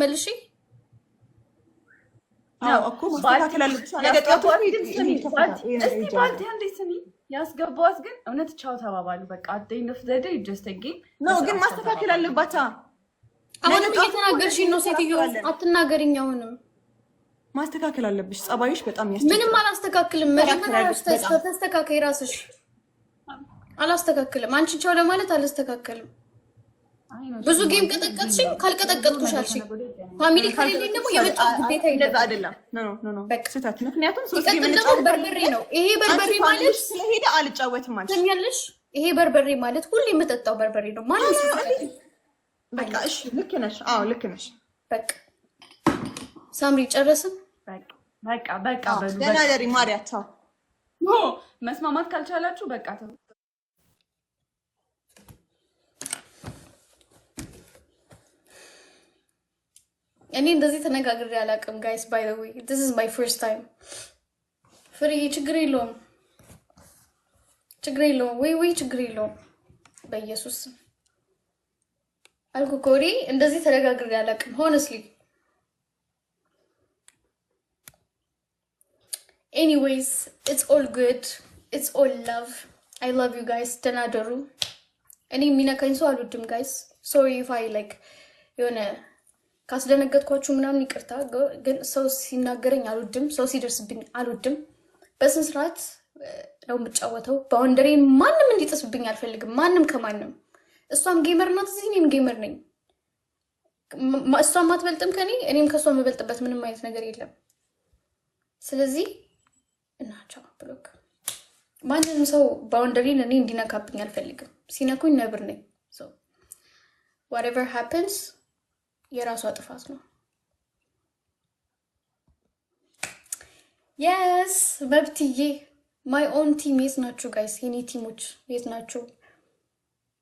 መልሺ ያስገባዋት ግን እውነት ቻው ተባባሉ። በቃ አደኝነፍ ዘደ ይጀስተጊ ነው ግን ማስተካከል አለባታ። አሁን እየተናገርሽ ነው ሴትዮ፣ አትናገሪኝ። አሁንም ማስተካከል አለብሽ። ጸባይሽ በጣም ያስ ምንም አላስተካክልም። መጀመሪያ ተስተካከይ ራስሽ። አላስተካክልም። አንቺን ቻው ለማለት አላስተካከልም። ብዙ ጌም ቀጠቀጥሽኝ፣ ካልቀጠቀጥኩሽ አልሽኝ። ፋሚሊ ከሌለኝ ደግሞ የመጣው ግዴታ ይለዛ አይደለም። ምክንያቱም ሲቀጥል ደግሞ በርበሬ ነው። ይሄ በርበሬ ማለት ስለሄደ አልጫወትም ማለት ትኛለሽ። ይሄ በርበሬ ማለት ሁሉ የምጠጣው በርበሬ ነው ማለት በቃ። እሺ ልክ ነሽ። አዎ ልክ ነሽ። በቃ ሳምሪ ጨረስን። በቃ በቃ በሉ። ደህና ደሪ ማርያት። መስማማት ካልቻላችሁ በቃ ተው። እኔ እንደዚህ ተነጋግሬ አላውቅም ጋይስ። ባይ ዘ ዌይ ዲስ ኢዝ ማይ ፈርስት ታይም። ፍሪ ችግር የለውም ችግር የለውም ወይ ወይ ችግር የለውም። በኢየሱስ አልኩ እኮ እንደዚህ ተነጋግሬ አላውቅም ሆነስሊ። ኤኒዌይስ ኢትስ ኦል ጉድ ኢትስ ኦል ላቭ አይ ላቭ ዩ ጋይስ። ደህና ደሩ። እኔ የሚነካኝ ሰው አልወድም ጋይስ። ሶሪ ኢፍ አይ ላይክ የሆነ ካስደነገጥኳችሁ ምናምን ይቅርታ፣ ግን ሰው ሲናገረኝ አልወድም፣ ሰው ሲደርስብኝ አልወድም። በስን ስርዓት ነው የምጫወተው። ባውንደሪ ማንም እንዲጥስብኝ አልፈልግም፣ ማንም ከማንም። እሷም ጌመር ናት እዚህ እኔም ጌመር ነኝ። እሷም አትበልጥም ከኔ፣ እኔም ከእሷ የምበልጥበት ምንም አይነት ነገር የለም። ስለዚህ እናቸው ብሎክ ማንም ሰው ባውንደሪን እኔ እንዲነካብኝ አልፈልግም። ሲነኩኝ ነብር ነኝ። ዋቴቨር ሃፕንስ የራሷ ጥፋት ነው። የስ መብትዬ ማይ ኦን ቲም የት ናችሁ ጋይስ? የኔ ቲሞች የት ናችሁ?